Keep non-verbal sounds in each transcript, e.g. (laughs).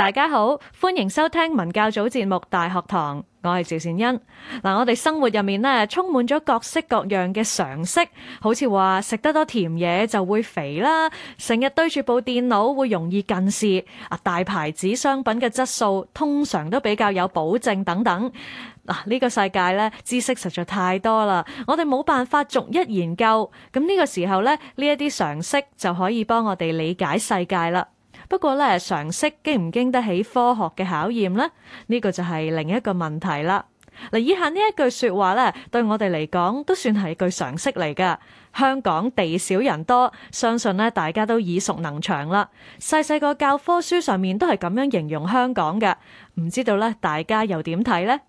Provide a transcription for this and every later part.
大家好，歡迎收聽文教組節目《大學堂》，我係趙善恩。嗱，我哋生活入面咧，充滿咗各式各樣嘅常識，好似話食得多甜嘢就會肥啦，成日對住部電腦會容易近視，啊，大牌子商品嘅質素通常都比較有保證等等。嗱，呢個世界咧，知識實在太多啦，我哋冇辦法逐一研究，咁呢個時候呢，呢一啲常識就可以幫我哋理解世界啦。不過咧，常識經唔經得起科學嘅考驗呢？呢個就係另一個問題啦。以下呢一句説話咧，對我哋嚟講都算係句常識嚟㗎。香港地少人多，相信咧大家都耳熟能詳啦。細細個教科書上面都係咁樣形容香港嘅，唔知道咧大家又點睇呢？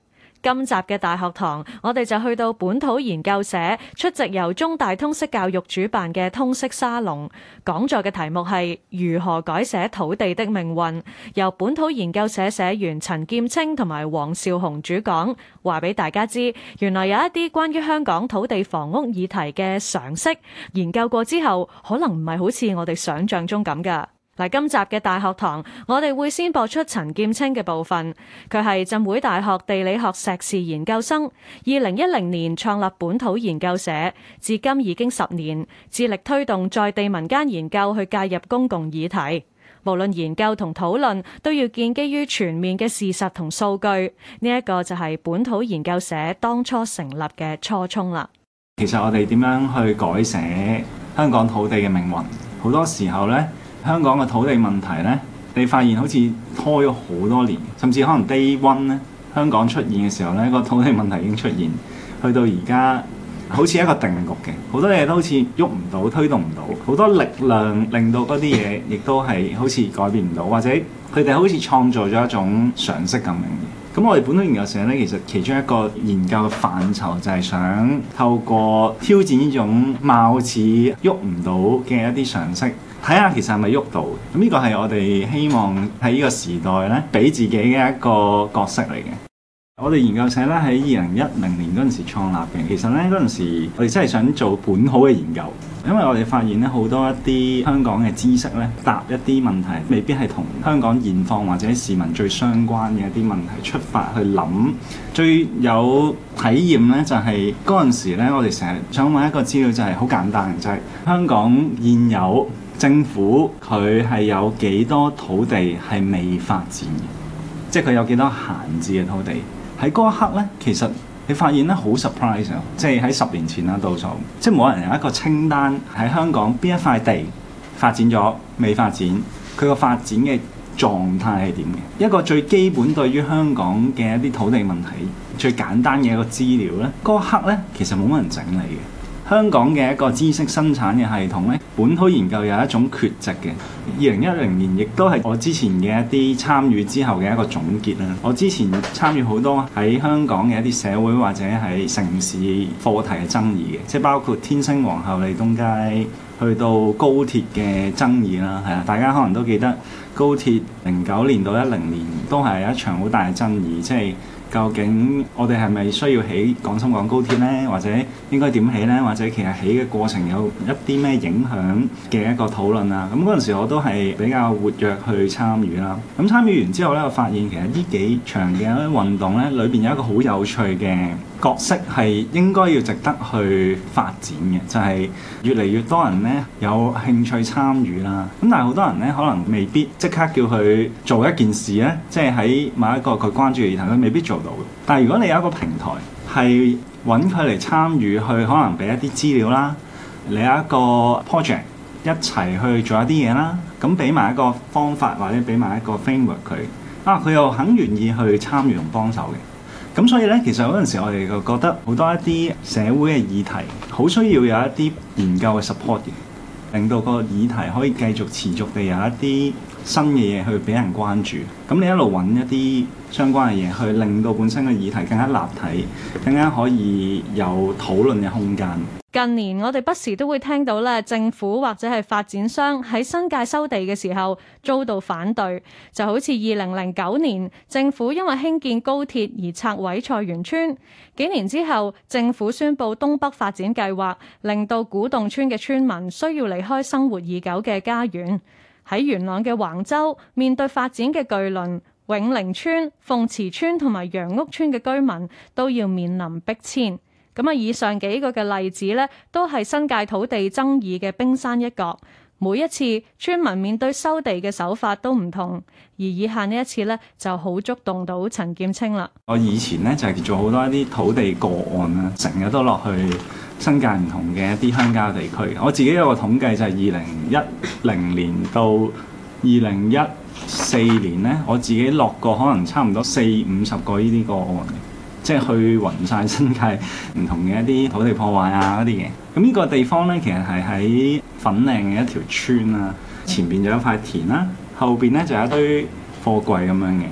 今集嘅大學堂，我哋就去到本土研究社出席由中大通識教育主辦嘅通識沙龍，講座嘅題目係如何改寫土地的命運，由本土研究社社員陳劍青同埋黃少雄主講，話俾大家知，原來有一啲關於香港土地房屋議題嘅常識，研究過之後，可能唔係好似我哋想像中咁㗎。嗱，今集嘅大學堂，我哋會先播出陳劍青嘅部分。佢係浸會大學地理學碩士研究生，二零一零年創立本土研究社，至今已經十年，致力推動在地民間研究去介入公共議題。無論研究同討論，都要建基於全面嘅事實同數據。呢、這、一個就係本土研究社當初成立嘅初衷啦。其實我哋點樣去改寫香港土地嘅命運，好多時候呢。香港嘅土地問題呢，你發現好似拖咗好多年，甚至可能 Day One，呢香港出現嘅時候呢，呢個土地問題已經出現，去到而家好似一個定局嘅，好多嘢都好似喐唔到，推動唔到，好多力量令到嗰啲嘢亦都係好似改變唔到，或者佢哋好似創造咗一種常識咁樣嘅。咁我哋本土研究社呢，其實其中一個研究嘅範疇就係想透過挑戰呢種貌似喐唔到嘅一啲常識。睇下其實係咪喐到咁？呢個係我哋希望喺呢個時代呢，俾自己嘅一個角色嚟嘅。我哋研究社呢，喺二零一零年嗰陣時創立嘅。其實呢，嗰陣時，我哋真係想做本好嘅研究，因為我哋發現呢好多一啲香港嘅知識呢，答一啲問題未必係同香港現況或者市民最相關嘅一啲問題出發去諗。最有體驗呢，就係嗰陣時呢，我哋成日想揾一個資料就係好簡單，就係、是、香港現有。政府佢係有幾多土地係未發展嘅，即係佢有幾多閒置嘅土地？喺嗰一刻呢，其實你發現咧好 surprise 啊。即係喺十年前啦，杜總，即係冇人有一個清單喺香港邊一塊地發展咗、未發展，佢個發展嘅狀態係點嘅？一個最基本對於香港嘅一啲土地問題、最簡單嘅一個資料呢。嗰一刻呢，其實冇乜人整理嘅。香港嘅一個知識生產嘅系統咧，本土研究有一種缺席嘅。二零一零年亦都係我之前嘅一啲參與之後嘅一個總結啦。我之前參與好多喺香港嘅一啲社會或者喺城市課題嘅爭議嘅，即係包括天星、皇后、利東街，去到高鐵嘅爭議啦，係啊，大家可能都記得高鐵零九年到一零年都係一場好大嘅爭議，即係。究竟我哋係咪需要起廣深港高鐵呢，或者應該點起呢，或者其實起嘅過程有一啲咩影響嘅一個討論啊？咁嗰陣時我都係比較活躍去參與啦。咁參與完之後咧，我發現其實呢幾場嘅運動咧，裏邊有一個好有趣嘅。角色係應該要值得去發展嘅，就係、是、越嚟越多人咧有興趣參與啦。咁但係好多人咧可能未必即刻叫佢做一件事咧,即係喺某一個佢關注嘅議題，佢未必做到嘅。但係如果你有一個平台係揾佢嚟參與，去可能俾一啲資料啦，你有一個 project 一齊去做一啲嘢啦，咁俾埋一個方法或者俾埋一個 framework 佢、啊，啊佢又肯願意去參與同幫手嘅。咁所以咧，其實嗰陣時我哋就覺得好多一啲社會嘅議題，好需要有一啲研究嘅 support，令到個議題可以繼續持續地有一啲新嘅嘢去俾人關注。咁你一路揾一啲相關嘅嘢去令到本身嘅議題更加立體，更加可以有討論嘅空間。近年，我哋不時都會聽到咧，政府或者係發展商喺新界收地嘅時候遭到反對，就好似二零零九年政府因為興建高鐵而拆毀菜園村，幾年之後政府宣布東北發展計劃，令到古洞村嘅村民需要離開生活已久嘅家園。喺元朗嘅橫洲，面對發展嘅巨輪，永寧村、鳳池村同埋楊屋村嘅居民都要面臨逼遷。咁啊，以上幾個嘅例子呢，都係新界土地爭議嘅冰山一角。每一次村民面對收地嘅手法都唔同，而以下呢一次呢，就好觸動到陳劍青啦。我以前呢，就係、是、做好多一啲土地個案啊，成日都落去新界唔同嘅一啲鄉郊地區。我自己有個統計，就係二零一零年到二零一四年呢，我自己落過可能差唔多四五十個呢啲個案。即係去勻晒新界唔同嘅一啲土地破壞啊嗰啲嘢。咁呢個地方咧，其實係喺粉嶺嘅一條村啊，前邊就有一塊田啦，啊，後邊咧就有一堆貨櫃咁樣嘅。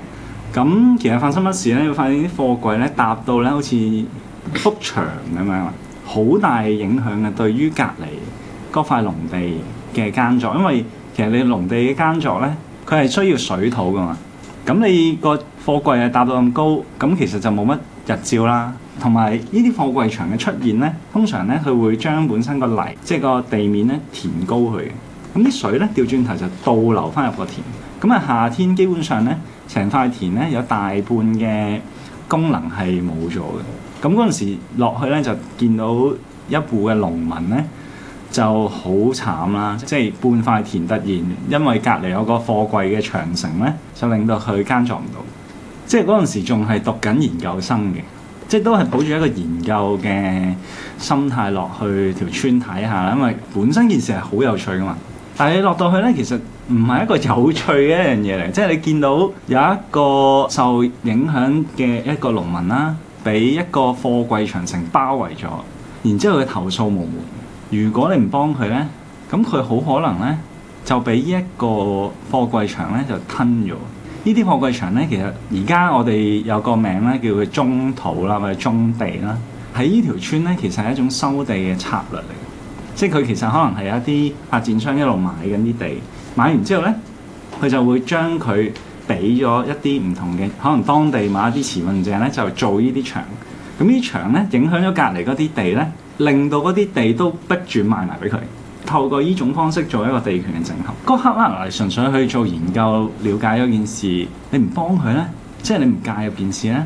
咁其實發生乜事咧，你會發現啲貨櫃咧搭到咧好似幅牆咁樣，好樣、啊、好大影響嘅對於隔離嗰塊農地嘅耕作，因為其實你農地嘅耕作咧，佢係需要水土噶嘛。咁你個貨櫃係搭到咁高，咁其實就冇乜。日照啦，同埋呢啲貨櫃牆嘅出現呢，通常呢，佢會將本身個泥，即係個地面呢，填高佢。咁啲水呢，掉轉頭就倒流翻入個田。咁啊夏天基本上呢，成塊田呢，有大半嘅功能係冇咗嘅。咁嗰陣時落去呢，就見到一戶嘅農民呢，就好慘啦，即係半塊田突然因為隔離有個貨櫃嘅長城呢，就令到佢耕作唔到。即係嗰陣時仲係讀緊研究生嘅，即係都係抱住一個研究嘅心態落去條村睇下，因為本身件事係好有趣㗎嘛。但係你落到去咧，其實唔係一個有趣嘅一樣嘢嚟，即係你見到有一個受影響嘅一個農民啦、啊，俾一個貨櫃長城包圍咗，然之後佢投訴無門。如果你唔幫佢咧，咁佢好可能咧就俾呢一個貨櫃長咧就吞咗。呢啲貨櫃場咧，其實而家我哋有個名咧，叫佢中土啦，或者中地啦。喺呢條村咧，其實係一種收地嘅策略嚟，即係佢其實可能係有一啲發展商一路買緊啲地，買完之後咧，佢就會將佢俾咗一啲唔同嘅可能當地買一啲持份者咧，就做呢啲場。咁呢啲場咧，影響咗隔離嗰啲地咧，令到嗰啲地都逼住賣埋俾佢。透過呢種方式做一個地權嘅整合。嗰刻啦，純粹去做研究、了解一件事，你唔幫佢咧，即係你唔介入件事咧，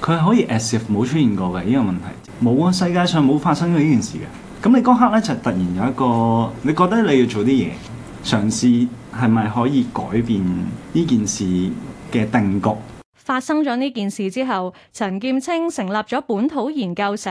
佢可以 as if 冇出現過嘅呢個問題，冇啊，世界上冇發生過呢件事嘅。咁你嗰刻咧就突然有一個，你覺得你要做啲嘢，嘗試係咪可以改變呢件事嘅定局？發生咗呢件事之後，陳劍青成立咗本土研究社，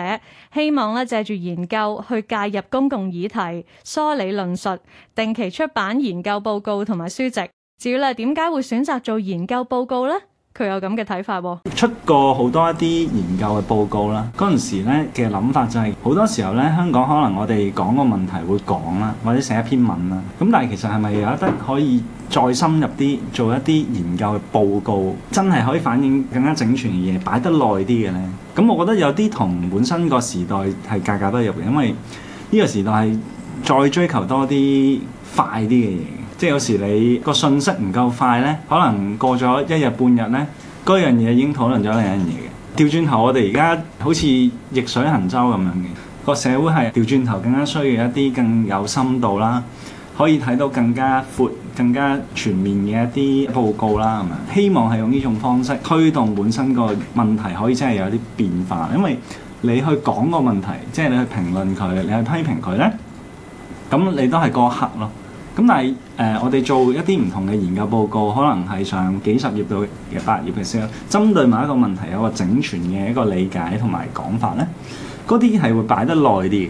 希望借住研究去介入公共議題，梳理論述，定期出版研究報告同埋書籍。至於咧點解會選擇做研究報告呢？佢有咁嘅睇法喎、哦，出過好多一啲研究嘅報告啦。嗰、那、陣、個、時呢嘅諗法就係、是，好多時候呢，香港可能我哋講個問題會講啦，或者寫一篇文啦。咁但係其實係咪有得可以再深入啲，做一啲研究嘅報告，真係可以反映更加整全嘅嘢，擺得耐啲嘅呢？咁我覺得有啲同本身時格格個時代係格格不入嘅，因為呢個時代係再追求多啲快啲嘅嘢。即係有時你個信息唔夠快咧，可能過咗一日半日咧，嗰樣嘢已經討論咗另一樣嘢嘅。調轉頭，我哋而家好似逆水行舟咁樣嘅，個社會係調轉頭更加需要一啲更有深度啦，可以睇到更加闊、更加全面嘅一啲報告啦，咁樣希望係用呢種方式推動本身個問題可以真係有啲變化。因為你去講個問題，即係你去評論佢，你去批評佢咧，咁你都係過客咯。咁但係誒、呃，我哋做一啲唔同嘅研究報告，可能係上幾十頁到嘅百頁嘅先，針、啊、對某一個問題，有個整全嘅一個理解同埋講法咧，嗰啲係會擺得耐啲。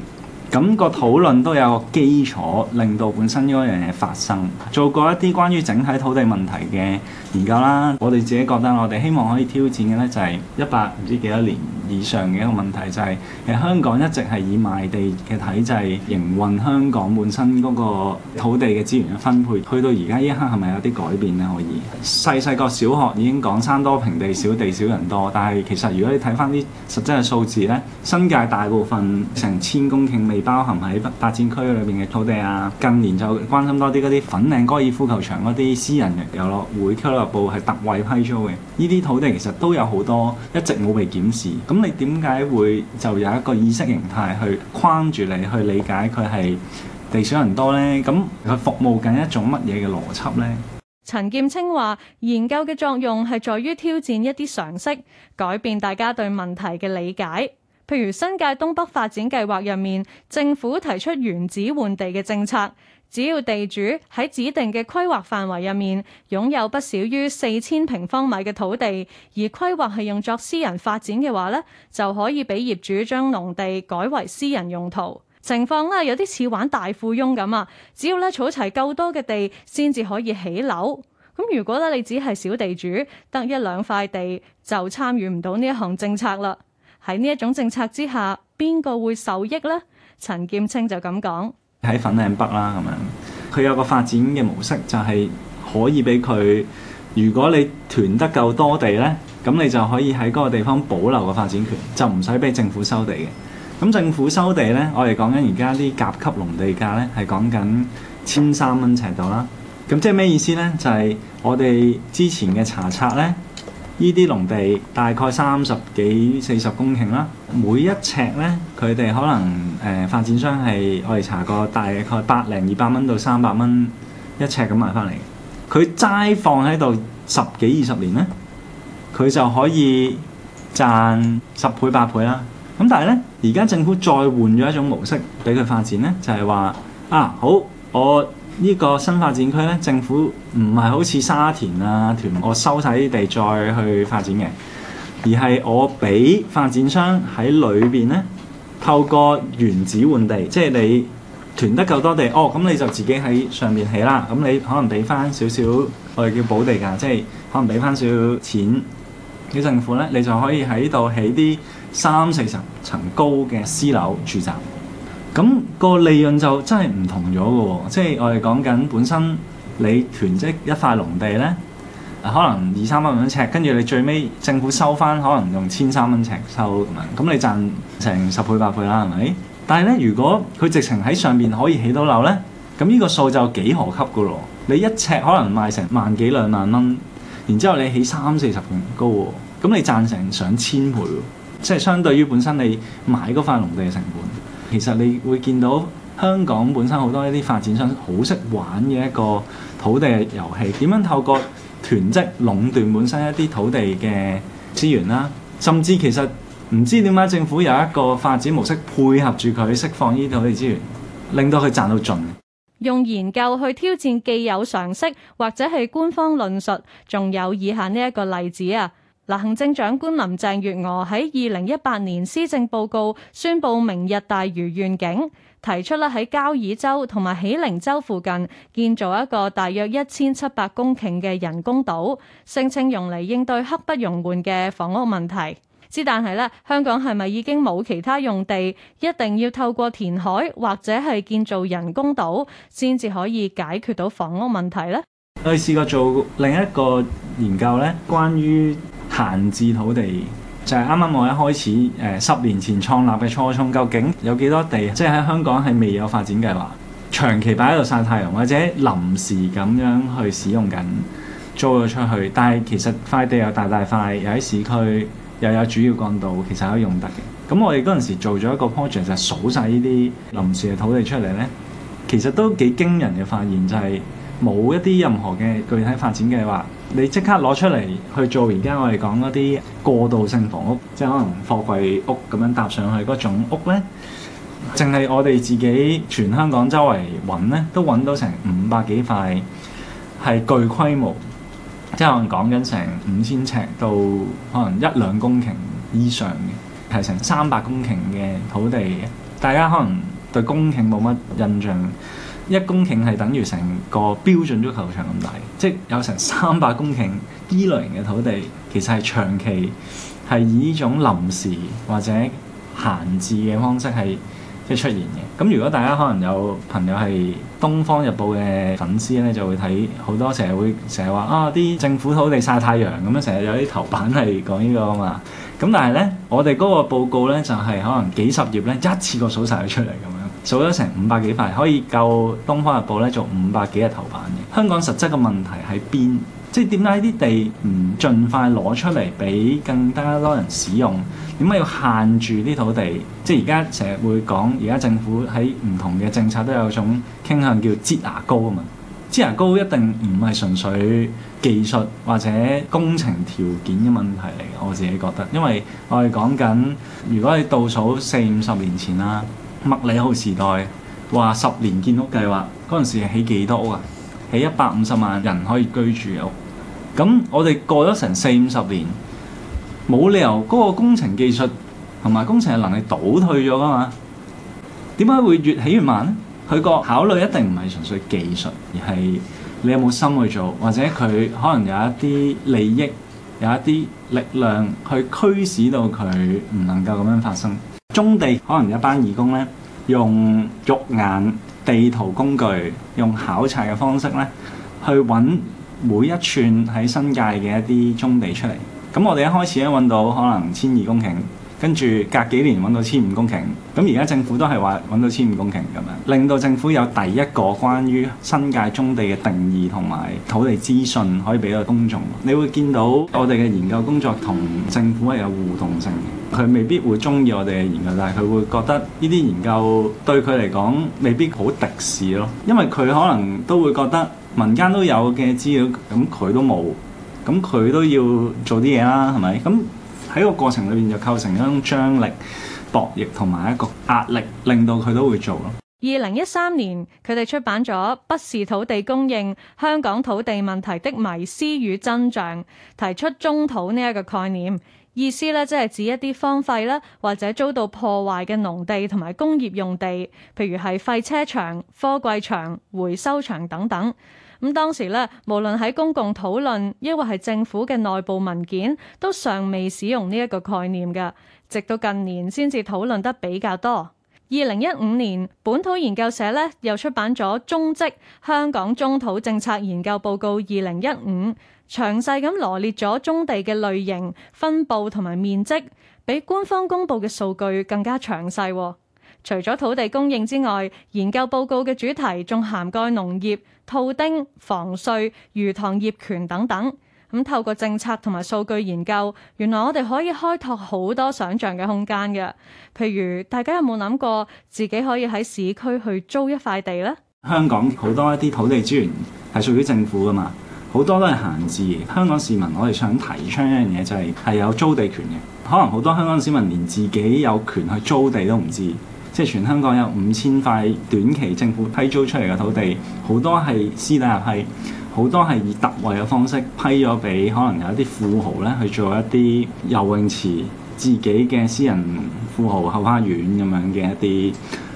咁個討論都有個基礎，令到本身呢個樣嘢發生。做過一啲關於整體土地問題嘅研究啦，我哋自己覺得我哋希望可以挑戰嘅呢，就係一百唔知幾多年以上嘅一個問題、就是，就係香港一直係以賣地嘅體制營運香港本身嗰個土地嘅資源嘅分配，去到而家一刻係咪有啲改變呢？可以細細個小學已經講山多平地少，地少人多，但係其實如果你睇翻啲實際嘅數字呢，新界大部分成千公頃未。包含喺北發展區裏邊嘅土地啊，近年就關心多啲嗰啲粉嶺高爾夫球場嗰啲私人嘅遊樂會、俱樂部係特惠批租嘅，呢啲土地其實都有好多一直冇被檢視。咁你點解會就有一個意識形態去框住你去理解佢係地少人多呢？咁佢服務緊一種乜嘢嘅邏輯呢？陳劍清話：研究嘅作用係在於挑戰一啲常識，改變大家對問題嘅理解。譬如新界東北發展計劃入面，政府提出原址換地嘅政策，只要地主喺指定嘅規劃範圍入面擁有不少於四千平方米嘅土地，而規劃係用作私人發展嘅話咧，就可以俾業主將農地改為私人用途。情況咧有啲似玩大富翁咁啊！只要咧儲齊夠多嘅地，先至可以起樓。咁如果咧你只係小地主，得一兩塊地就參與唔到呢一項政策啦。喺呢一種政策之下，邊個會受益呢？陳劍青就咁講：喺粉嶺北啦，咁樣佢有個發展嘅模式，就係可以俾佢，如果你囤得夠多地呢，咁你就可以喺嗰個地方保留個發展權，就唔使俾政府收地嘅。咁政府收地呢，我哋講緊而家啲甲級農地價呢，係講緊千三蚊尺度啦。咁即係咩意思呢？就係我哋之前嘅查冊呢。依啲農地大概三十幾四十公頃啦，每一尺咧，佢哋可能誒、呃、發展商係我哋查過大概百零二百蚊到三百蚊一尺咁買翻嚟，佢齋放喺度十幾二十年咧，佢就可以賺十倍八倍啦。咁但係咧，而家政府再換咗一種模式俾佢發展咧，就係、是、話啊好我。呢個新發展區咧，政府唔係好似沙田啊、屯門我收晒啲地再去發展嘅，而係我俾發展商喺裏邊咧，透過原址換地，即係你屯得夠多地，哦咁你就自己喺上面起啦。咁你可能俾翻少少，我哋叫補地價，即係可能俾翻少少錢俾政府咧，你就可以喺度起啲三四十層高嘅私樓住宅。咁個利潤就真係唔同咗嘅喎，即係我哋講緊本身你囤積一塊農地咧、啊，可能二三百蚊尺，跟住你最尾政府收翻可能用千三蚊尺收，咁你賺成十倍百倍啦，係咪？但係咧，如果佢直情喺上邊可以起到樓咧，咁呢個數就幾何級嘅咯。你一尺可能賣成萬幾兩萬蚊，然之後你起三四十層高，咁你賺成上千倍，即係相對於本身你買嗰塊農地嘅成本。其實你會見到香港本身好多一啲發展商好識玩嘅一個土地嘅遊戲，點樣透過囤積壟斷本身一啲土地嘅資源啦，甚至其實唔知點解政府有一個發展模式配合住佢釋放呢啲土地資源，令到佢賺到盡。用研究去挑戰既有常識或者係官方論述，仲有以下呢一個例子啊。嗱，行政長官林鄭月娥喺二零一八年施政報告宣布明日大嶼願景，提出咧喺交椅洲同埋喜靈洲附近建造一個大約一千七百公頃嘅人工島，聲稱用嚟應對刻不容緩嘅房屋問題。之但係咧，香港係咪已經冇其他用地，一定要透過填海或者係建造人工島，先至可以解決到房屋問題呢？我哋試過做另一個研究咧，關於。閒置土地就係啱啱我一開始誒、呃、十年前創立嘅初衷，究竟有幾多地？即係喺香港係未有發展計劃，長期擺喺度曬太陽，或者臨時咁樣去使用緊，租咗出去。但係其實塊地又大大塊，又喺市區，又有主要幹道，其實可以用得嘅。咁我哋嗰陣時做咗一個 project，就係、是、數晒呢啲臨時嘅土地出嚟呢，其實都幾驚人嘅發現，就係、是。冇一啲任何嘅具體發展計劃，你即刻攞出嚟去做，而家我哋講嗰啲過渡性房屋，即係可能貨櫃屋咁樣搭上去嗰種屋咧，淨係我哋自己全香港周圍揾咧，都揾到成五百幾塊，係巨規模，即係可能講緊成五千尺到可能一兩公頃以上嘅，係成三百公頃嘅土地，大家可能對公頃冇乜印象。一公頃係等於成個標準足球場咁大，即係有成三百公頃呢類型嘅土地，其實係長期係以呢種臨時或者閒置嘅方式係即係出現嘅。咁如果大家可能有朋友係《東方日報》嘅粉絲咧，就會睇好多成日會成日話啊啲政府土地曬太陽咁樣，成日有啲頭版係講呢個啊嘛。咁但係咧，我哋嗰個報告咧就係、是、可能幾十頁咧一次過數晒佢出嚟咁樣。數咗成五百幾塊，可以夠《東方日報》咧做五百幾日頭版嘅。香港實質嘅問題喺邊？即係點解啲地唔盡快攞出嚟俾更加多人使用？點解要限住啲土地？即係而家成日會講，而家政府喺唔同嘅政策都有種傾向叫擠牙膏啊嘛。擠牙膏一定唔係純粹技術或者工程條件嘅問題嚟，我自己覺得，因為我哋講緊，如果係倒數四五十年前啦。麥理浩時代話十年建屋計劃嗰陣時係起幾多屋啊？起一百五十萬人可以居住嘅屋。咁我哋過咗成四五十年，冇理由嗰個工程技術同埋工程嘅能力倒退咗㗎嘛？點解會越起越慢咧？佢個考慮一定唔係純粹技術，而係你有冇心去做，或者佢可能有一啲利益、有一啲力量去驅使到佢唔能夠咁樣發生。中地可能一班義工咧，用肉眼地圖工具，用考察嘅方式咧，去揾每一寸喺新界嘅一啲中地出嚟。咁我哋一開始咧，揾到可能千二公頃。跟住隔幾年揾到千五公頃，咁而家政府都係話揾到千五公頃咁樣，令到政府有第一個關於新界棕地嘅定義同埋土地資訊可以俾到公眾。你會見到我哋嘅研究工作同政府係有互動性嘅，佢未必會鍾意我哋嘅研究，但係佢會覺得呢啲研究對佢嚟講未必好敵視咯，因為佢可能都會覺得民間都有嘅資料，咁佢都冇，咁佢都要做啲嘢啦，係咪咁？喺個過程裏面，就構成一種張力博弈同埋一個壓力，令到佢都會做咯。二零一三年佢哋出版咗《不是土地供應：香港土地問題的迷思與真相》，提出棕土呢一個概念，意思咧即係指一啲荒廢啦或者遭到破壞嘅農地同埋工業用地，譬如係廢車場、貨櫃場、回收場等等。咁當時咧，無論喺公共討論，抑或係政府嘅內部文件，都尚未使用呢一個概念㗎。直到近年先至討論得比較多。二零一五年，本土研究社呢又出版咗《棕跡香港棕土政策研究報告二零一五》，詳細咁羅列咗棕地嘅類型、分佈同埋面積，比官方公布嘅數據更加詳細喎。除咗土地供應之外，研究報告嘅主題仲涵蓋農業、套丁、房稅、魚塘業權等等。咁透過政策同埋數據研究，原來我哋可以開拓好多想像嘅空間嘅。譬如大家有冇諗過自己可以喺市區去租一塊地呢？香港好多一啲土地資源係屬於政府噶嘛，好多都係閒置。香港市民我哋想提倡一樣嘢就係係有租地權嘅。可能好多香港市民連自己有權去租地都唔知。即係全香港有五千塊短期政府批租出嚟嘅土地，好多係私底下批，好多係以特惠嘅方式批咗俾可能有一啲富豪咧去做一啲游泳池、自己嘅私人富豪後花園咁樣嘅一啲。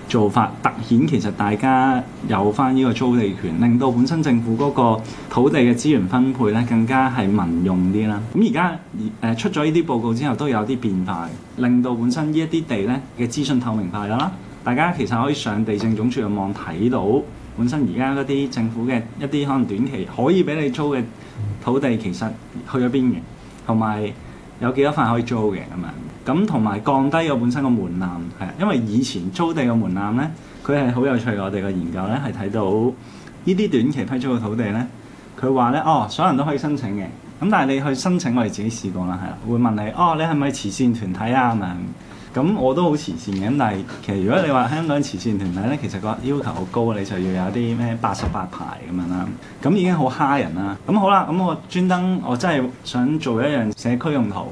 做法突顯其實大家有翻呢個租地權，令到本身政府嗰個土地嘅資源分配咧更加係民用啲啦。咁而家而誒出咗呢啲報告之後，都有啲變化，令到本身呢一啲地咧嘅資訊透明化咗啦。大家其實可以上地政總署嘅網睇到本身而家嗰啲政府嘅一啲可能短期可以俾你租嘅土地，其實去咗邊嘅，同埋有幾多塊可以租嘅咁啊！咁同埋降低個本身個門檻係，因為以前租地個門檻咧，佢係好有趣嘅。我哋個研究咧係睇到呢啲短期批租嘅土地咧，佢話咧哦，所有人都可以申請嘅。咁但係你去申請，我哋自己試過啦，係啦，會問你哦，你係咪慈善團體啊咁樣？咁我都好慈善嘅，咁但係其實如果你話香港慈善團體咧，其實個要求好高，你就要有啲咩八十八牌咁樣啦，咁已經好蝦人啦。咁好啦，咁我專登，我真係想做一樣社區用途。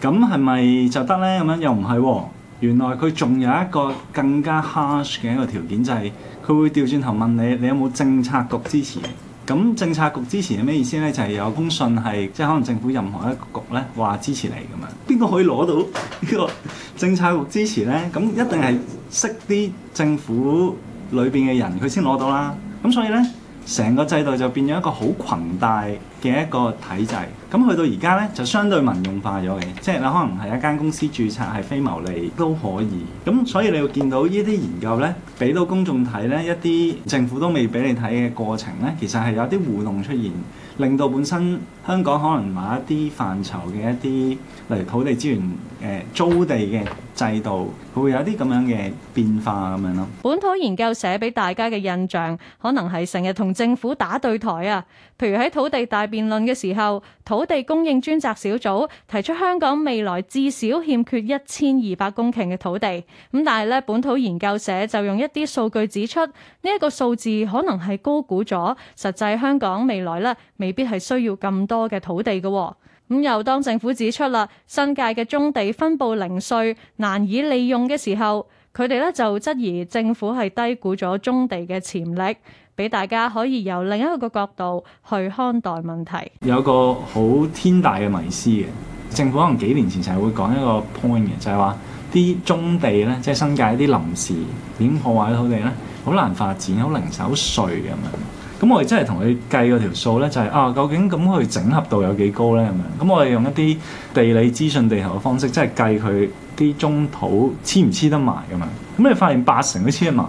咁係咪就得呢？咁樣又唔係喎，原來佢仲有一個更加 harsh 嘅一個條件，就係、是、佢會調轉頭問你：你有冇政策局支持？咁政策局支持係咩意思呢？就係、是、有封信係，即、就、係、是、可能政府任何一個局呢話支持你咁樣。邊個可以攞到呢個政策局支持呢？咁一定係識啲政府裏邊嘅人，佢先攞到啦。咁所以呢，成個制度就變咗一個好裙帶。嘅一個體制，咁去到而家呢，就相對民用化咗嘅，即係啦，可能係一間公司註冊係非牟利都可以，咁所以你會見到呢啲研究呢，俾到公眾睇呢，一啲政府都未俾你睇嘅過程呢，其實係有啲互動出現，令到本身香港可能某一啲範疇嘅一啲，例如土地資源誒、呃、租地嘅制度，佢會有啲咁樣嘅變化咁樣咯。本土研究社俾大家嘅印象，可能係成日同政府打對台啊。譬如喺土地大辯論嘅時候，土地供應專責小組提出香港未來至少欠缺一千二百公頃嘅土地，咁但係咧，本土研究社就用一啲數據指出，呢一個數字可能係高估咗，實際香港未來咧未必係需要咁多嘅土地嘅。咁又當政府指出啦，新界嘅棕地分佈零碎，難以利用嘅時候，佢哋咧就質疑政府係低估咗棕地嘅潛力，俾大家可以由另一個角度去看待問題。有個好天大嘅迷思嘅，政府可能幾年前就係會講一個 point 嘅，就係話啲棕地咧，即係新界啲臨時點破壞土地咧，好難發展，好零碎，好碎咁樣。咁我哋真係同佢計嗰條數咧，就係啊，究竟咁佢整合度有幾高咧咁樣？咁我哋用一啲地理資訊地圖嘅方式，即係計佢啲中土黐唔黐得埋咁樣。咁你發現八成都黐得埋。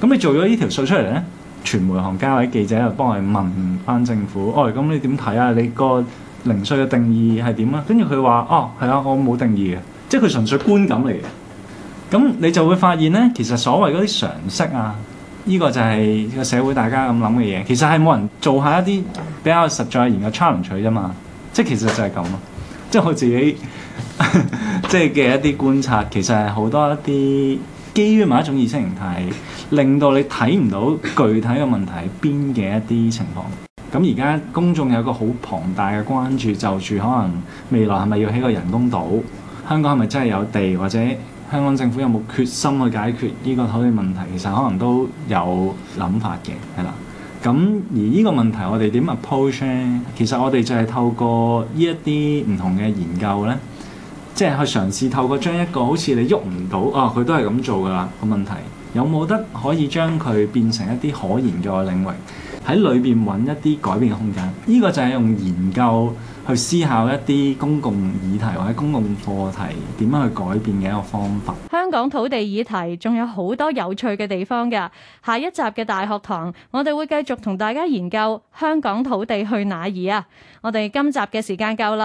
咁你做咗呢條數出嚟咧，傳媒行家或者記者又幫佢問翻政府：哦，咁你點睇啊？你個零碎嘅定義係點啊？跟住佢話：哦，係啊，我冇定義嘅，即係佢純粹觀感嚟嘅。咁你就會發現咧，其實所謂嗰啲常識啊。呢個就係個社會大家咁諗嘅嘢，其實係冇人做下一啲比較實在嘅研究，challenge 佢啫嘛。即係其實就係咁咯。即係我自己 (laughs) 即係嘅一啲觀察，其實係好多一啲基於某一種意識形態，令到你睇唔到具體嘅問題喺邊嘅一啲情況。咁而家公眾有個好龐大嘅關注，就住可能未來係咪要起個人工島，香港係咪真係有地或者？香港政府有冇決心去解決呢個土地問題？其實可能都有諗法嘅，係啦。咁而呢個問題，我哋點 approach 咧？其實我哋就係透過呢一啲唔同嘅研究咧，即係去嘗試透過將一個好似你喐唔到啊，佢都係咁做㗎啦，個問題，有冇得可以將佢變成一啲可研究嘅領域？喺裏邊搵一啲改變嘅空間，呢個就係用研究去思考一啲公共議題或者公共課題點樣去改變嘅一個方法。香港土地議題仲有好多有趣嘅地方㗎，下一集嘅大學堂，我哋會繼續同大家研究香港土地去哪兒啊！我哋今集嘅時間夠啦。